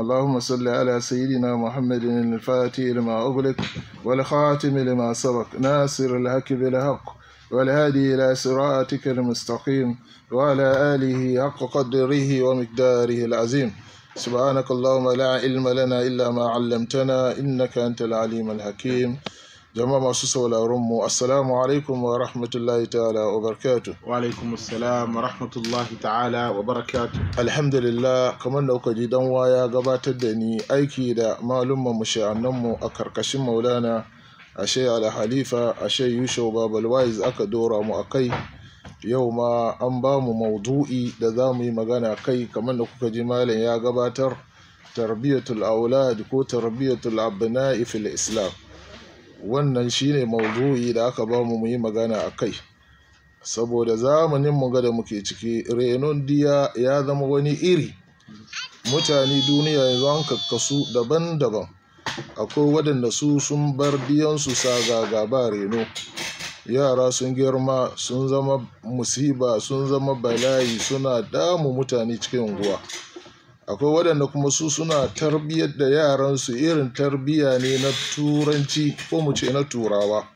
اللهم صل على سيدنا محمد الفاتح لما أغلق والخاتم لما سبق ناصر الحق بالحق والهادي إلى صراطك المستقيم وعلى آله حق قدره ومقداره العظيم سبحانك اللهم لا علم لنا إلا ما علمتنا إنك أنت العليم الحكيم jama'a masu sauraron mu assalamu alaikum wa rahmatullahi ta'ala wa barakatu wa alaikum assalam wa rahmatullahi ta'ala wa barakatu alhamdulillah kamar da kuka ji dan waya gabatar da ni aiki da malumman mu mu a karkashin maulana ashe alhalifa ashe yusho babalwais aka dora mu akai yau ma an ba mu maudu'i da za mu yi magana kai kamar da kuka ji malam ya gabatar tarbiyatul aulad ko tarbiyatul abna'i fil islam Wannan shine maudu'i da aka bamu muyi magana a kai. Saboda zamanin mu ga da muke ciki, renon diya ya zama wani iri. Mutane duniya yanzu an kakkasu daban daban. Akwai waɗanda su sun bar diyansu sa ga ba reno. Yara sun girma, sun zama musiba, sun zama bala'i, suna damun mutane cikin unguwa. akwai waɗanda kuma su suna tarbiyyar da yaransu irin tarbiyya ne na turanci ko mu ce na turawa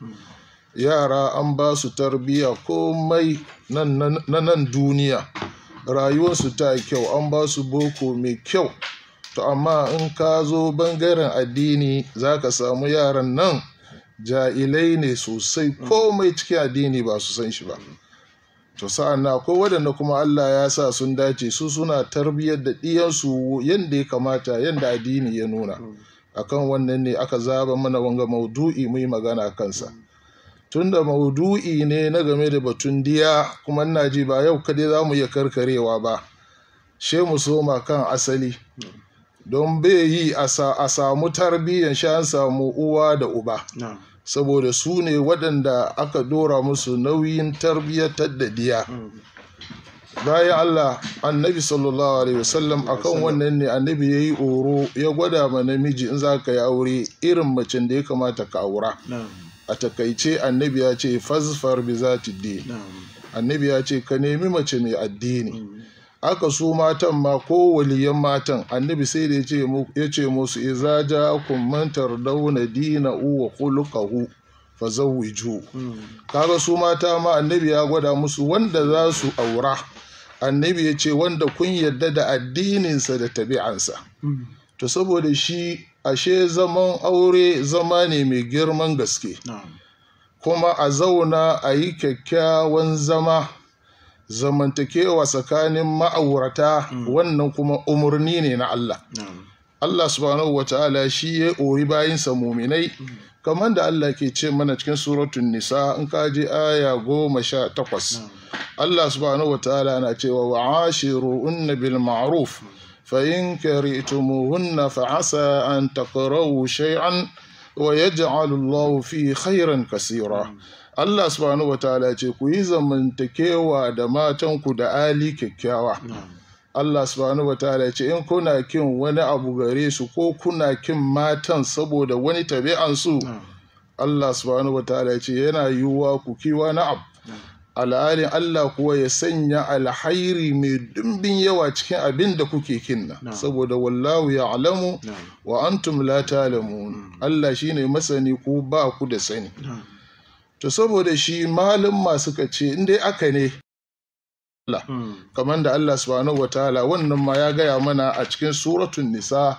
yara an ba su tarbiyya komai na nan duniya rayuwarsu ta kyau an ba su boko mai kyau to amma in ka zo bangaren addini za ka samu yaran nan ja'ilai ne sosai komai cikin addini ba su san shi ba to sa'an na akwai waɗanda kuma Allah ya sa sun dace su suna tarbiyyar da ɗiyansu yadda ya kamata yadda addini ya nuna akan wannan ne aka zaba mana wanga maudu'i mai magana kansa tunda maudu'i ne na game da batun diya kuma na ji ba yau kadai za mu iya karkarewa ba she mu soma kan asali don bai yi a samu tarbiyyar shi an samu uwa da uba saboda su ne waɗanda aka dora musu nauyin tarbiyyatar da diya bayan Allah annabi sallallahu alaihi wasallam akan wannan ne annabi ya yi oro ya gwada ma namiji in za ka yi aure irin macen da ya kamata ka aura a takaice annabi ya ce fazfar bi za annabi ya ce ka nemi mace mai addini mm. aka su matan ma ko waliyan matan annabi sai da ya ce musu iza ja kun mantar dauna dina uwa kulukahu fa zawiju kaga su mata ma annabi ya gwada musu wanda za su aura annabi ya ce wanda kun yadda da addininsa da tabi'ansa to saboda shi ashe zaman aure zama ne mai girman gaske kuma a zauna a yi kyakkyawan zama zamantakewa tsakanin ma'aurata hmm. wannan kuma umarni ne na Allah Allah subhanahu wa ta'ala shi ya ori bayinsa muminai hmm. kamar da Allah ke ce mana cikin suratun nisa in ka je aya goma sha takwas Allah subhanahu wa ta'ala na cewa wa ashiru unna bil ma'ruf hmm. fa in fa asa an takrahu shay'an wa yaj'alu fi khairan kasira Allah subhanahu ta'ala ce ku yi zamantakewa da matanku da ali kyakkyawa Allah subhanahu ta'ala ce in kuna kin wani abu gare su ko kuna kin matan saboda wani tabi'ansu Allah subhanahu ta'ala ce yana yiwuwa ku kiwa na abu al'alin Allah kuwa ya sanya alhairi mai dimbin yawa cikin abin da kuke kinna saboda wallahu ya alamu wa antum la talamun Allah shine masani ku ba ku da sani to saboda shi malumma masu ce in dai aka ne Allah hmm. kamar da Allah subhanahu wataala wannan ma ya gaya mana a cikin suratun nisa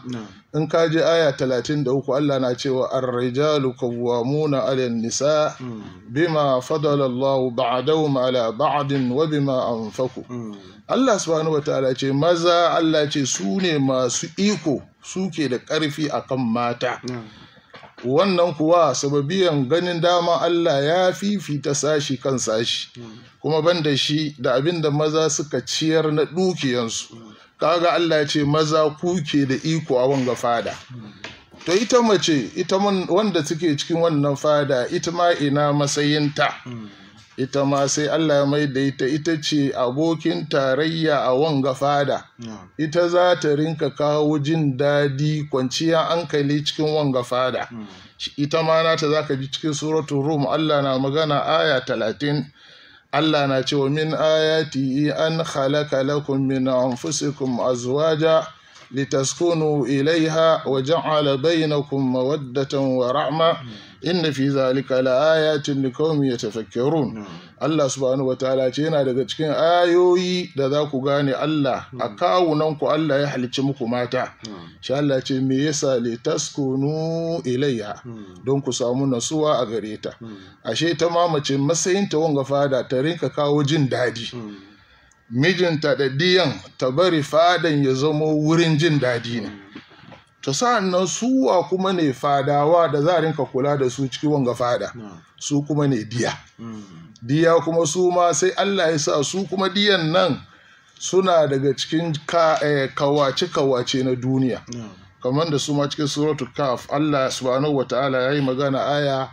in ka je aya 33 Allah na cewa ar-rijalu qawwamuna 'ala an-nisa hmm. bima fadala Allahu ba'dahum 'ala ba'din wa bima anfaqu hmm. Allah subhanahu wataala ce maza Allah ce su ne masu iko suke da ƙarfi akan mata wannan kuwa sababiyan ganin dama Allah ya fifita sashi kan sashi kuma banda shi da abin da maza suka ciyar na dukiyansu kaga Allah ya ce maza kuke da iko a wanga fada to ita mace ita wanda suke cikin wannan fada ita ma ina matsayinta ita ma sai Allah ya mai da ita ita ce abokin tarayya a wanga fada ita za ta rinka kawo jin daɗi kwanciya hankali cikin wanga fada hmm. ita ma nata za ka ji cikin suratu rum Allah na magana aya talatin Allah na cewa min ayati an halaka lakum min anfusikum azwaja litaskunu ilaiha wa ja'ala bainakum mawaddatan wa rahma hmm. inna fi zalika la ayatin liqaumin yatafakkarun hmm. Allah subhanahu wataala ce yana daga cikin ayoyi da za ku gane Allah a hmm. kawunan ku Allah ya halicci muku mata insha hmm. Allah ce me yasa li taskunu ilayya don ku samu nasuwa a gare ta ashe ta mamace matsayin ta wanga fada ta rinka kawo jin dadi mijinta da diyan ta bari fadan ya zamo wurin jin dadi ne Ta sa'an nan suwa kuma ne fadawa da za rinka kula da su cikin wanga fada su kuma ne diya mm. diya kuma su ma sai Allah ya sa su kuma diyan nan suna daga cikin eh, kawace-kawace na duniya kamar da su ma cikin suratul kaf Allah subhanahu ta'ala ya yi magana aya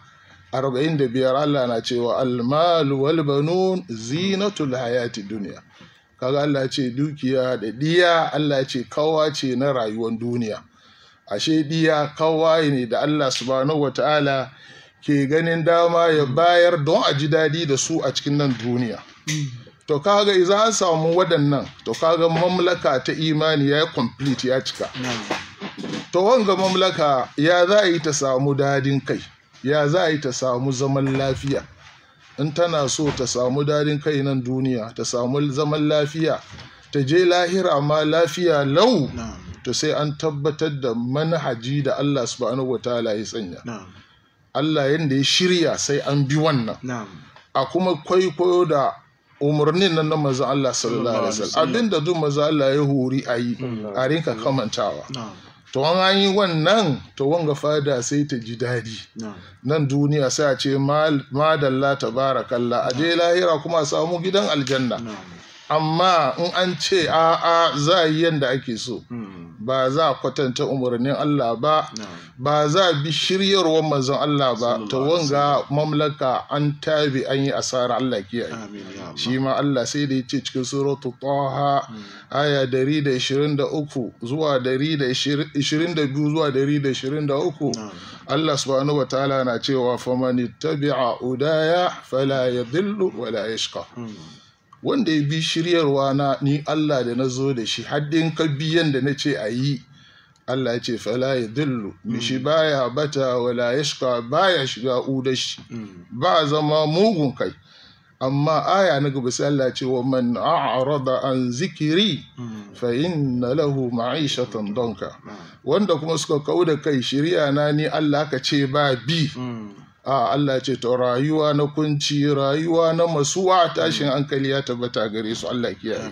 arba'in da biyar Allah na cewa almalu wal banun zinatul hayati duniya kaga Allah ce dukiya da diya Allah ce kawace na rayuwar duniya ashe diya kawai ne da Allah subhanahu Ta'ala ke ganin dama ya bayar don a ji daɗi da su a cikin nan duniya to kaga iza an samu waɗannan to kaga mamlaka ta imani ya complete ya cika to wanga mamlaka ya za a yi ta samu dadin kai ya za a yi ta samu zaman lafiya in tana so ta samu dadin kai nan duniya ta samu zaman lafiya ta je lahira ma lafiya lau to sai an tabbatar da manhaji da Allah subhanahu wataala ya sanya Allah yadda ya shirya sai an bi wannan a kuma kwaikwayo da umarnin nan na maza Allah sallallahu alaihi wasallam abinda duk maza Allah ya hori a yi a rinka kamantawa to an yi wannan to wanga fada sai ta ji daɗi nan duniya sai a ce madalla tabarakallah a je lahira kuma a samu gidan aljanna amma in an ce a'a za a yi yadda ake so hmm. ba za a kwatanta umarnin Allah ba ba za a bi shiryarwar manzon Allah ba ta wanga mamlaka an tabi an yi asara Allah yi. shi ma Allah sai da ya ce cikin suratu Taha hmm. aya 123 zuwa 122 zuwa 123 Allah subhanahu wataala na cewa tabi'a udaya fala yadhillu wala yashqa hmm. wanda ya bi shiryarwa na ni Allah da na zo da shi haddin kabiyan da na ce a yi Allah ya ce fala ya dillu mishi mm. baya bata wala ba baya shiga udashi mm. ba zama mugun kai amma aya na gaba sai Allah ce wa man a'rada an zikiri mm. fa inna lahu ma'ishatan donka wanda kuma suka kauda kai shirya na ni Allah ka ce ba bi a Allah ce to rayuwa na kunci rayuwa na masuwa tashin hankali ya tabbata gare su Allah kiyaye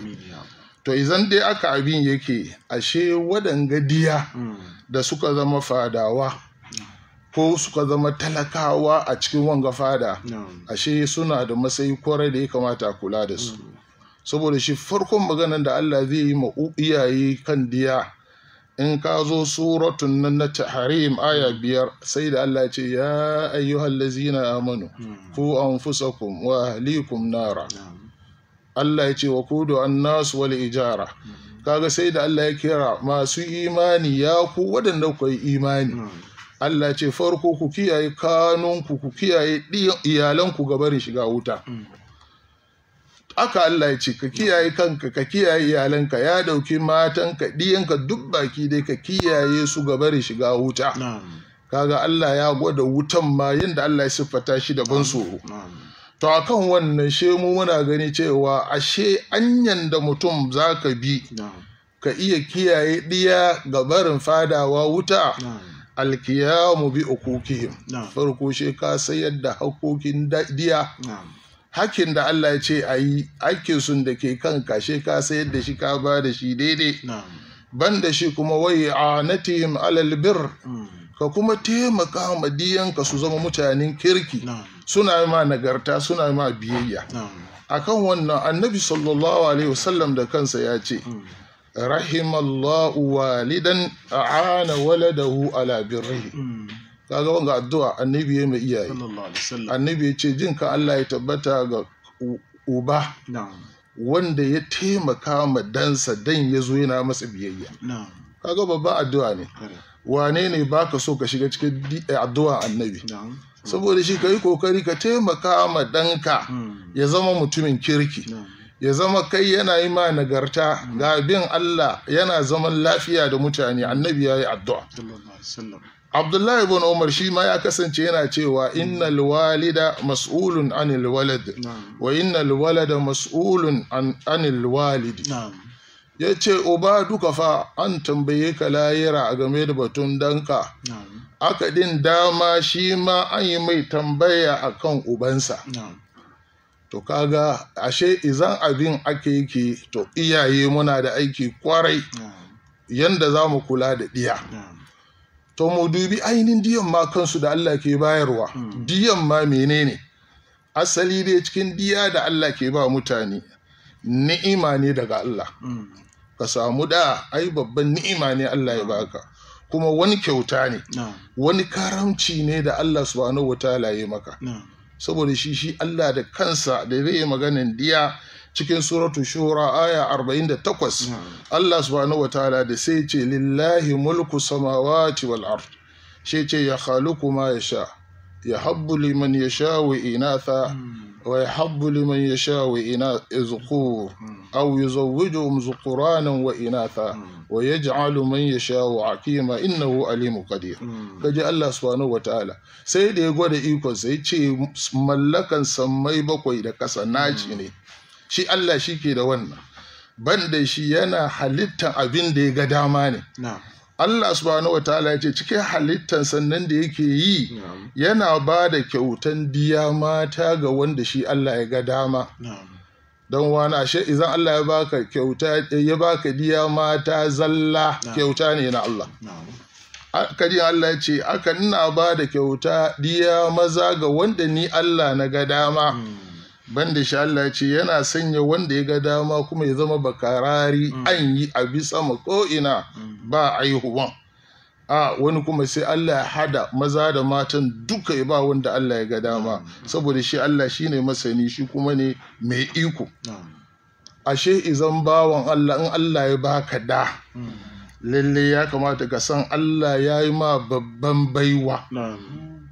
to idan dai aka abin yake ashe wadanga diya hmm. da suka zama fadawa ko suka zama talakawa a cikin wanga fada ashe suna da matsayi kwarai da ya kamata kula da su hmm. saboda shi farkon maganar da Allah zai yi ma iyaye kan diya in ka zo suratun nan na tahrim aya biyar sai da Allah ce ya ayyuhal lazina amanu ku anfusakum wa ahlikum nara Allah ya ce wa kudu nasu wal ijara kaga sai da Allah ya kira masu imani ya ku waɗanda ku yi imani Allah ce farko ku kiyaye kanunku ku kiyaye iyalanku gabarin shiga wuta aka Allah ya ce ka kiyaye kanka ka kiyaye iyalanka ya dauki matanka diyanka duk baki dai ka kiyaye su ga bari shiga wuta kaga Allah ya gwada wutan ma yadda Allah ya siffata shi da ban tsoro to akan wannan she mu muna gani cewa ashe anyan da mutum zaka bi ka iya kiyaye ɗiya ga barin fadawa wuta alkiyamu bi ukukihim farko she ka sayar da hakokin diya hakkin da Allah ya ce a yi hakkin sun da ke kan kashe ka sayar da shi ka ba da shi daidai ban da shi kuma wai a natihim alal hmm. ka kuma taimaka ma diyanka su zama mutanen kirki suna ma nagarta suna ma biyayya akan wannan annabi sallallahu alaihi wasallam da kansa ya ce hmm. rahimallahu walidan a'ana waladahu ala birrihi hmm. kaga wanga addu'a annabi ya mai iyaye annabi ya ce jin ka Allah ya tabbata ga uba wanda ya taimaka ma dansa dan ya zo yana masa biyayya kaga babban addu'a ne wane ne baka so ka shiga cikin eh, addu'a annabi saboda shi ka kokari ka taimaka ma danka hmm. ya zama mutumin kirki ya zama kai yana yi ma nagarta hmm. ga bin Allah yana zaman lafiya da mutane annabi ya yi addu'a Abdullahi ibn Umar shi ma ya kasance yana cewa innal walida mas'ulun anil walad wa innal walada mas'ulun anil walidi ya ce uba duka fa an tambaye ka layira game da batun danka aka ɗin dama shi ma an yi mai tambaya akan ubansa to kaga ashe izan abin ake yake to iyaye muna da aiki kwarai yanda za mu kula da ɗiya. to mu dubi ainihin diyan ma kansu da Allah ke bayarwa hmm. diyan ma menene asali dai cikin diya da Allah ke ba mutane ni'ima ne daga Allah hmm. ka samu da ai babban ni'ima ne Allah ya hmm. baka kuma wani kyauta ne wani karamci ne da Allah subhanahu ta'ala ya maka saboda shi shi Allah da kansa da zai yi maganin diya cikin suratu shura aya 48 hmm. Allah subhanahu ta'ala da sai ce lillahi mulku samawati wal ard shi ce ya kuma ma yasha ya habbu liman yasha wa inatha hmm. wa habbu liman yasha wa ina zukur hmm. aw yuzawwijuhum zukuranan wa inatha wa yaj'alu man yasha wa aqima innahu alimu qadir kaje Allah subhanahu ta'ala. sai da ya gwada ikon sai ce mallakan sammai bakwai da kasa naci ne shi Allah shi ke da wannan ban da shi yana halittan abin da ya ga dama ne Allah subhanahu wa ta'ala ya ce cikin halittan sannan da yake yi yana ba da kyautan diya mata ga wanda shi Allah ya ga dama don wani ashe idan Allah ya baka kyauta ya baka diya mata zalla kyauta ne na Allah akari Allah ce aka nuna ba da kyauta diya maza ga wanda ni Allah na ga dama hmm. Banda da shi Allah ce yana sanya wanda ya ga dama kuma ya zama bakarari mm. an yi a bisa ma ko'ina mm. ba aihuwan a wani kuma sai Allah ya hada maza da matan duka ya ba wanda Allah ya ga dama mm. saboda shi Allah shi ne masani shi kuma ne mai iko ashe izan bawan Allah in Allah ya baka da lalle ya kamata ka san Allah ya yi ma babban baiwa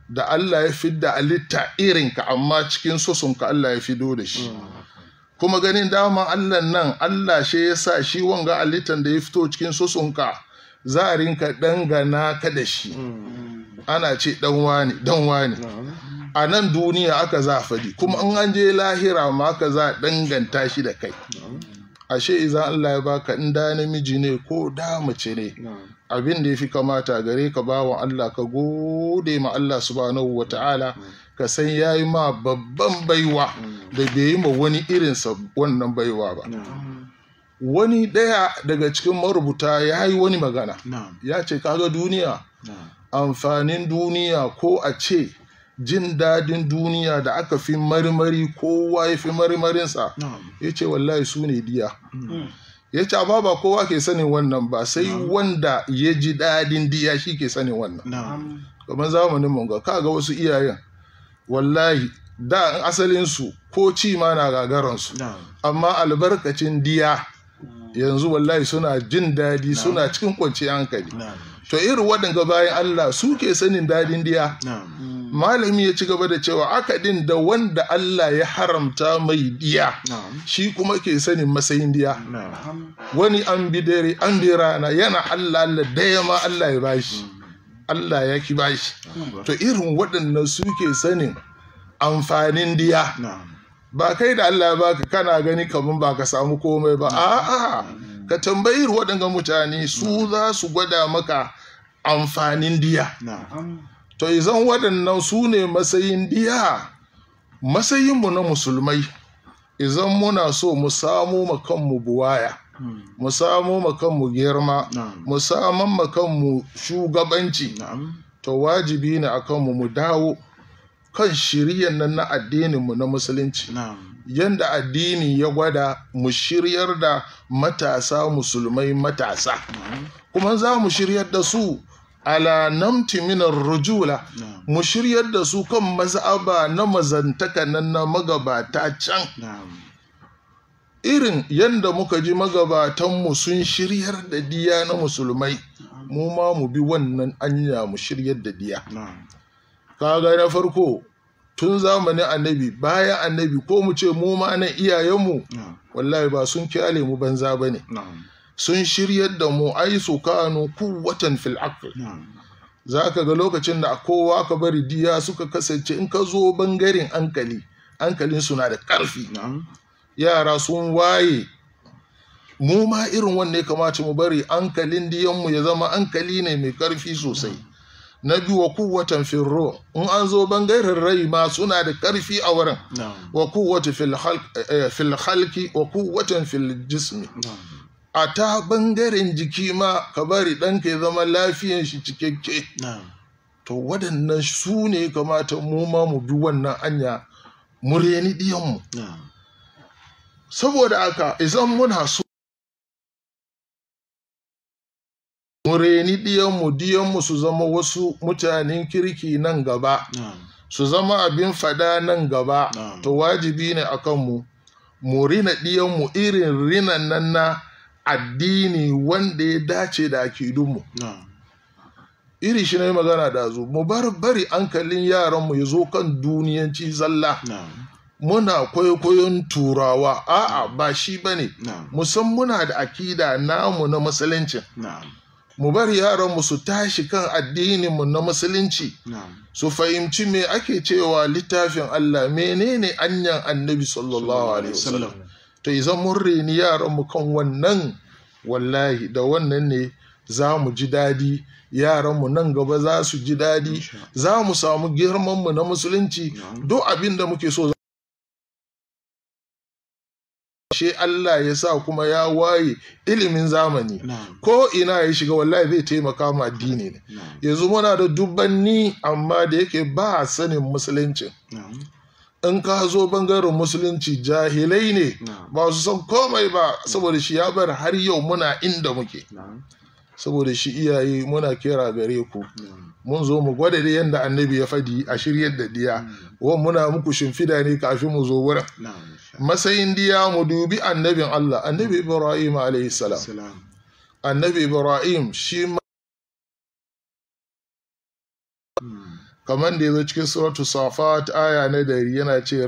da Allah ya fidda alitta irinka amma cikin sosunka Allah ya fido da shi kuma ganin daman Allah nan Allah shi ya sa shi wanga alittan da ya fito cikin sosunka za a rinka dangana ka da shi ana ce dan wani a nan duniya aka za fadi kuma in an je lahira ma aka za danganta shi da kai ashe idan Allah ya baka in da namiji ne ko da mace ne abin da ya fi kamata gare ka ba wa Allah ka gode ma Allah subhanahu wa ta'ala mm. ka san ya yi ma babban baiwa mm. da bai yi ma wani irinsa wannan baiwa ba wani ɗaya daga cikin marubuta ya yi wani magana ya ce kaga duniya amfanin duniya ko a ce jin dadin duniya da aka fi marmari kowa ya fi marmarinsa ya ce wallahi su ne diya mm. ya ce amma ba kowa ke sanin wannan ba sai wanda ya ji dadin diya shi ke sanin wannan kamar zamanin mun ga kaga wasu iyayen wallahi da asalinsu ko ci ma na gagaransu amma albarkacin diya mm. yanzu wallahi suna jin daɗi suna cikin kwanciyar hankali to irin waɗanda bayan Allah su ke sanin dadin diya malami ya ci gaba da cewa akadin da wanda Allah ya haramta mai diya shi kuma ke sanin matsayin diya wani an bi rana yana Allah Allah daya ma Allah ya bashi Allah ya ki bashi to irin waɗannan su ke sanin amfanin diya ba kai da Allah ya baka kana gani kamar ba ka samu komai ba a'a ka tambayi waɗannan mutane su za su gwada maka amfanin diya to izan waɗannan su ne matsayin biya matsayinmu na musulmai izan muna so mu samu makanmu buwaya hmm. mu samu makanmu girma mu saman makanmu shugabanci to wajibi ne a kanmu mu dawo kan shiryan nan na addininmu na musulunci yadda addini ya gwada mu shiryar da matasa musulmai matasa kuma za mu shiryar da su ala namti minar rujula mu shiryar da su kan mazaba na mazantaka nan na magabata can irin yadda muka ji magabatanmu sun shiryar da diya na musulmai mu ma mu bi wannan anya mu shiryar da diya kaga na farko tun zamani annabi bayan annabi ko mu ce mu ma na iyayenmu wallahi ba sun kyale mu banza ba ne sun shiryar da mu ai su kanu kuwatan fil aql za ka ga lokacin da kowa ka bari diya suka kasance in ka zo bangaren ankali ankalin suna da ƙarfi yara sun waye mu ma irin wanne kamata mu bari ankalin diyanmu ya zama ankali ne mai karfi sosai na biyu wa kuwatan firro in an zo bangaren rai ma suna da karfi a wurin wa kuwata fil halki eh, wa kuwatan fil jismi a ta bangaren jiki ma ka bari ɗanka ya zama lafiyan shi cikakke to waɗannan su ne kamata mu ma mu bi wannan anya mu reni ɗiyanmu saboda haka izan muna so mu reni ɗiyanmu ɗiyanmu su zama wasu mutanen kirki nan gaba su zama abin fada nan gaba to wajibi ne a kanmu mu rina ɗiyanmu irin rinan nan na addini wanda ya dace da akidunmu iri shi na yi magana da zo mu bar bari hankalin yaranmu ya zo kan duniyanci zalla muna kwaikwayon turawa a'a ba shi ba ne musan muna da akida namu na musulunci mu bar yaranmu su tashi kan addininmu na musulunci su fahimci me ake cewa littafin Allah menene anyan annabi sallallahu alaihi wasallam to zan mun reni yaranmu kan wannan wallahi da wannan ne za mu ji daɗi yaranmu nan gaba za su ji daɗi za mu samu girmanmu na musulunci duk abin da muke so she Allah ya sa kuma ya waye ilimin zamani ko ina ya shiga wallahi zai taimaka ma addini ne yanzu muna da dubanni amma da yake ba sanin musulunci in ka zo bangaren musulunci jahilai ne ba su san komai ba saboda shi ya bar har yau muna inda muke saboda shi iyaye muna kera gare ku mun zo mu gwada da yadda annabi ya fadi a shiryar da diya hmm. Wani muna muku shimfida ne kafin mu zo wurin matsayin diya mu dubi annabin Allah annabi Ibrahim alaihi salam annabi Ibrahim shi kamar da ya zo cikin suratu ta aya na dari yana ce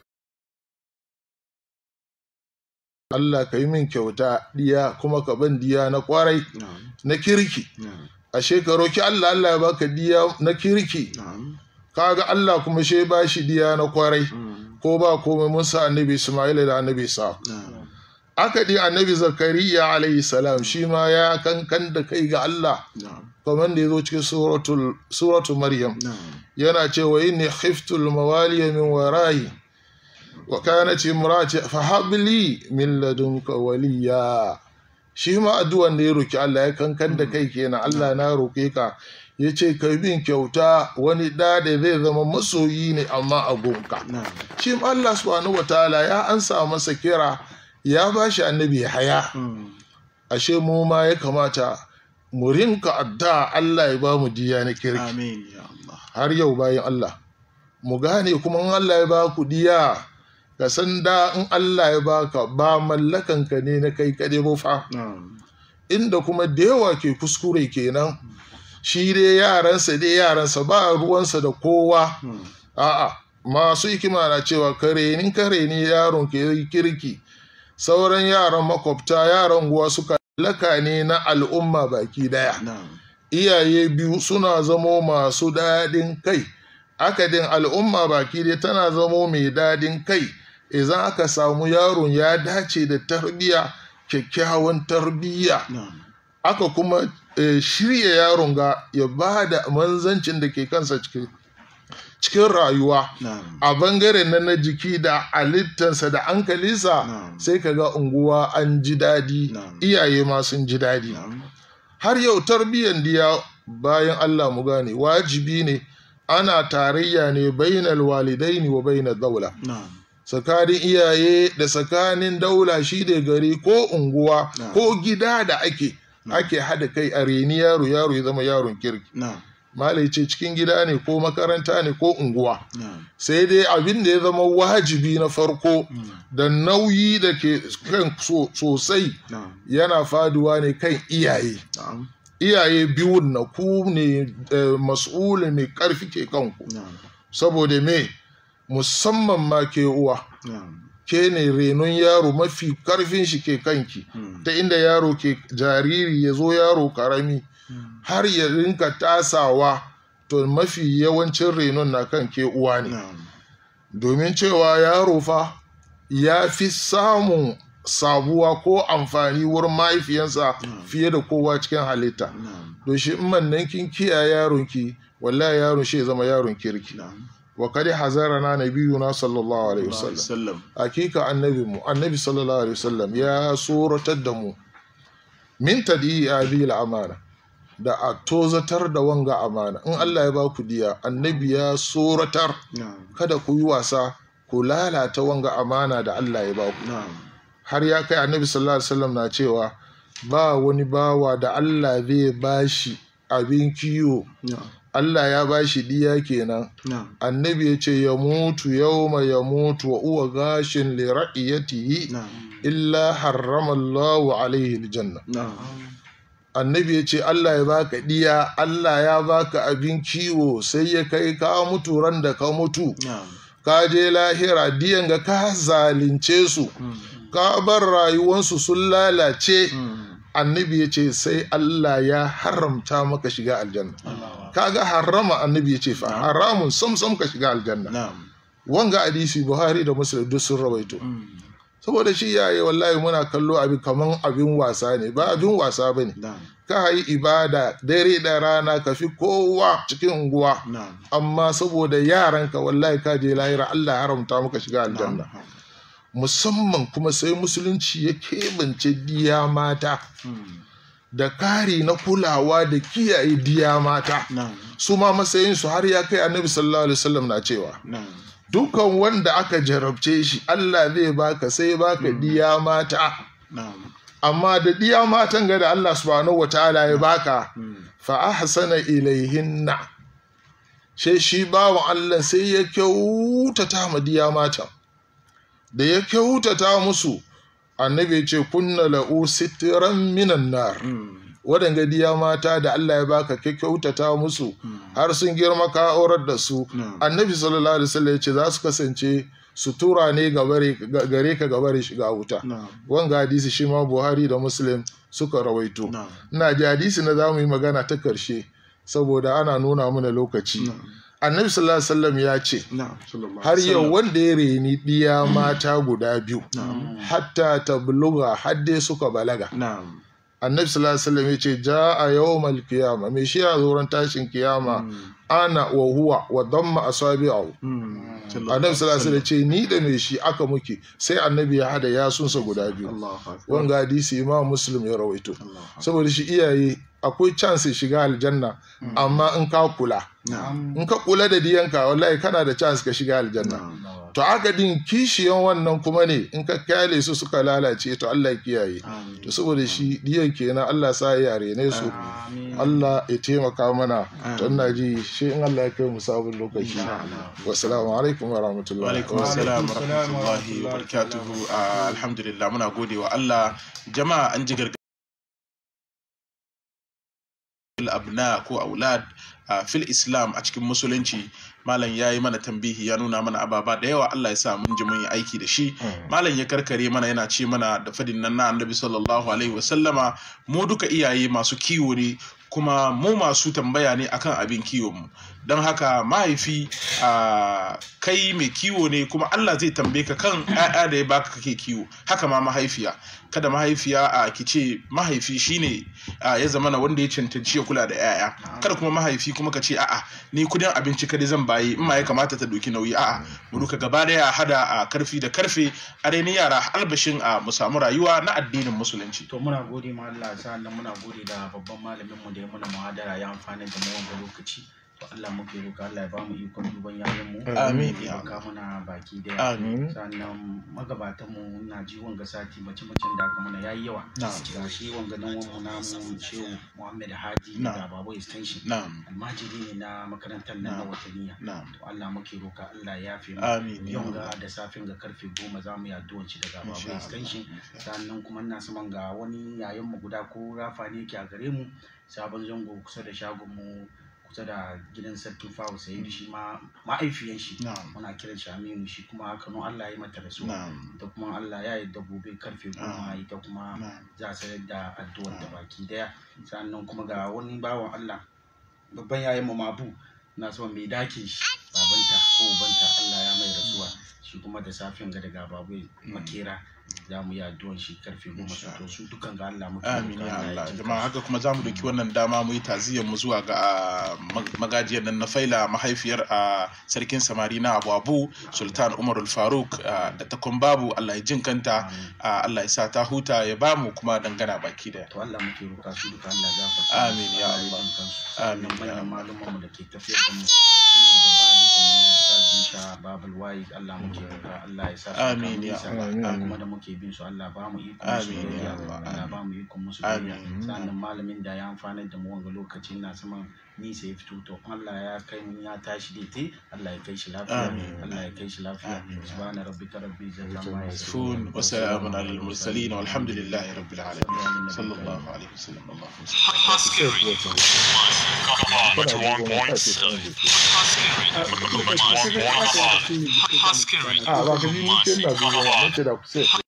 Allah ka yi min kyauta diya kuma ka ban diya na kwarai na kirki a ka ki Allah Allah ya baka diya na kirki kaga Allah kuma shi ba shi diya na kwarai mm. ko ba komai Musa annabi Ismail da annabi Isa aka di annabi Zakariya alayhi salam shi ma ya kankan da kai ga Allah kamar da ya zo cikin suratu maryam yana cewa ne khiftul mawaliya min warayi wa ce mura ce fahabili min ladun kawaliya shi ma addu'an da ya roki Allah ya kankan da kai kenan Allah na roke ka ya ce ka bin kyauta wani da da zai zama masoyi ne amma a gonka shi Allah subhanahu wataala ya ansa masa kira ya bashi annabi haya mm. ashe mu ma ya kamata mu rinka adda Allah ya ba mu diya na kirki har yau bayan Allah mu gane kuma in Allah ya ba ku diya ka san da in Allah ya baka ba mallakan ka ne na kai kade mu fa inda kuma da yawa ke kuskure kenan shi dai yaransa dai yaransa ba ruwansa da kowa hmm. a'a masu hikima na cewa kare ni kare ni yaron ke kirki sauran yaran makwabta yaran guwa suka laka ne na al'umma baki daya iyaye biyu suna zamo masu daɗin kai akadin al'umma baki dai tana zamo mai daɗin kai idan aka samu yaron ya dace da tarbiya kyakkyawan tarbiya, aka kuma eh, shirya yaron ga ya ba da manzancin da ke kansa cikin cikin rayuwa a bangare na na jiki da halittansa da an kalisa, sai ka ga unguwa an ji daɗi iyaye ma sun ji dadi har yau tarbiyyar diya bayan Allah mu gane wajibi ne ana tarayya ne bainal walidaini wa bainal daula tsakanin iyaye da tsakanin daula shi da gari ko unguwa ko gida da ake ake hada kai a reni yaro yaro ya zama yaron kirki malai ce cikin gida ne ko makaranta ne ko unguwa sai dai abin da ya zama wajibi na farko da nauyi da ke kan sosai yana faduwa ne kan iyaye iyaye biyun na ku ne eh, mas'ulin mai karfi ke kanku saboda me musamman ma ke uwa ke ne renon yaro mafi karfin shi ke kanki hmm. ta inda yaro ke jariri ya zo yaro karami har ya rinka tasawa to mafi yawancin renon na kan ke uwa ne domin cewa yaro fa ya fi samun sabuwa ko amfani wurin mahaifiyansa fiye da kowa cikin halitta to in mannan kin kiyaye ki wallahi yaron shi zama yaron kirki wa kadi hazara na na, sallallahu alaihi wasallam hakika annabi mu annabi sallallahu alaihi wasallam ya suratar da mu min tadi abi al-amana da a tozatar da wanga amana in Allah ya ba ku diya annabi ya tsoratar kada ku yi wasa ku lalata wanga amana da Allah ya ba ku har ya kai annabi sallallahu alaihi wasallam na cewa ba wani bawa da Allah zai bashi abin kiyo Allah ya bashi diya kenan annabi ya ce ya mutu yauma ya mutu wa uwa gashin li ra'iyatihi illa harrama Allahu alaihi aljanna annabi ya ce Allah ya baka diya Allah ya baka abin kiwo sai ya kai ka mutu ran da ka mutu ka je lahira diyan ga ka zalunce su mm-hmm. ka bar rayuwansu sun lalace mm-hmm. annabi ya ce sai Allah ya haramta maka shiga aljanna kaga harama annabi ya ce fa haramun samsam ka shiga aljanna wanga hadisi Buhari da Muslim duk sun rawaito mm. saboda shi yaye wallahi muna kallo abin kaman abin wasa ne ba abin wasa ba ne ka yi ibada dare da rana ka fi kowa cikin unguwa amma saboda yaranka wallahi ka je lahira Allah haramta muka shiga aljanna musamman kuma sai musulunci ya kebance diya mata hmm. da kari na kulawa da kiyaye diya mata su ma su har ya kai annabi sallallahu alaihi wasallam na cewa dukan wanda aka jarabce shi Allah zai baka sai baka hmm. diya mata amma da diya matan ga da Allah subhanahu wataala ya hmm. baka hmm. fa ahsana ilaihinna sai shi bawan Allah sai ya kyautata ma diya matan da ya kyautata musu annabi ce kunna la'u sitran minan nar waɗanda diya mata da Allah ya baka ka kyautata musu hmm. har sun girma ka da su annabi sallallahu alaihi wasallam ya ce za su kasance sutura ne gare ka gabare shiga wuta wanga hadisi shi ma buhari da muslim suka rawaito ina ji hadisi na zamu yi magana ta karshe saboda ana nuna mana lokaci annabi sallallahu alaihi wasallam ya ce har yau wanda ya reni diya mata guda biyu hatta tabluga hadde suka balaga annabi sallallahu alaihi wasallam yace jaa yawmal qiyama me shi ya zo tashin kiyama hmm. ana wa huwa wa damma asabi'ahu hmm. annabi sallallahu alaihi wasallam yace ni da me shi aka muke sai annabi ya hada yasunsa guda biyu wanga hadisi imam muslim ya rawaito saboda shi iyaye akwai chance shiga aljanna hmm. amma in ka kula in ka kula da diyanka wallahi kana da chance ka shiga aljanna to agadin kishiyan wannan kuma ne in ka kyale su suka lalace to Allah kiyaye to saboda shi diyan kenan Allah sa ya rene su Allah ya taimaka mana don na ji shi in Allah ya kai mu sabon lokaci wassalamu alaikum wa rahmatullahi wa alaikum assalam wa rahmatullahi wa barakatuhu ah, alhamdulillah muna gode wa Allah jama'a an ji abna ko aulad ah, fil islam a cikin musulunci malam ya yi mana tambihi ya nuna mana ababa da yawa Allah ya sa mun ji mun yi aiki da shi hmm. malam ya karkare mana yana ce mana da fadin nan na annabi sallallahu alaihi wasallama mu duka iyaye masu kiwo ne kuma mu masu tambaya ne akan abin mu don haka mahaifi a kai mai kiwo ne kuma Allah zai tambaye ka kan 'ya'ya da ya baka kake kiwo haka ma mahaifiya kada mahaifiya a kice mahaifi shine ya zama na wanda ya cancanci ya kula da 'ya'ya kada kuma mahaifi kuma ka ce a'a ni kudin abinci kadai zan bayi in ma ya kamata ta doki nauyi a'a mu duka gaba daya hada a karfi da karfe a ni yara albashin a mu samu rayuwa na addinin musulunci to muna gode ma Allah muna gode da babban malamin mu wanda ya mana muhadara ya amfani da mu wanga lokaci Allah muke roƙa Allah ya bamu ikon duban yayan mu amin ya ka muna baki da amin sannan magabatan mu na ji wanga sati mace macen da aka mana yayi yawa ga shi wanga nan wannan na mu shehu Muhammad Hadi da babu Extension almajiri ne na makarantar nan na wataniya to Allah muke roƙa Allah ya fi mu yau ga da safin ga karfe 10 za mu yi addu'an ci daga Baba Extension sannan kuma ina saman ga wani yayan mu guda ko rafa ne ke a gare mu sabon zango kusa da shagon mu kusa da gidan sarki fawo sai shi ma ma'aifiyan shi muna kiran shi aminu shi kuma nun allah ya mata rasu Da kuma allah ya yadda gobe karfe goma ita kuma za a sayar da addu'ar da baki daya sannan kuma ga wani bawan allah babban yayin mu mabu na so mai dake shi babanta ko babanta allah ya mai rasuwa shi kuma da safin ga daga babu makera za mu yi addu'an shi karfe goma sha to su dukkan ga Allah muke amin ya Allah jama'a haka kuma za mu doki wannan dama mu yi taziyyar mu zuwa ga ah, magajiyar nan na faila mahaifiyar a ah, sarkin samari na Abu Abu Sultan Umar Faruk ah, da ta babu Allah ya jin kanta Allah ya sa ta huta ya ba mu kuma dangana baki da to Allah muke roƙa su duka Allah gafarta amin ya Allah amin ya malumman mu da ke tafiya da mu tun daga Allah muke roƙa Allah ya sa amin ya kuma da muke bin su Allah ba mu iko musu Allah ba mu iko musu sannan malamin da ya amfana da mu wanga lokaci na saman ni sai fito Allah ya kai mun ya tashi da te Allah ya kai shi lafiya Allah ya kai shi lafiya subhana rabbika rabbil izzati amma yasifun wa salamun alal mursalin walhamdulillahi rabbil alamin sallallahu alaihi wasallam Allahumma salli ala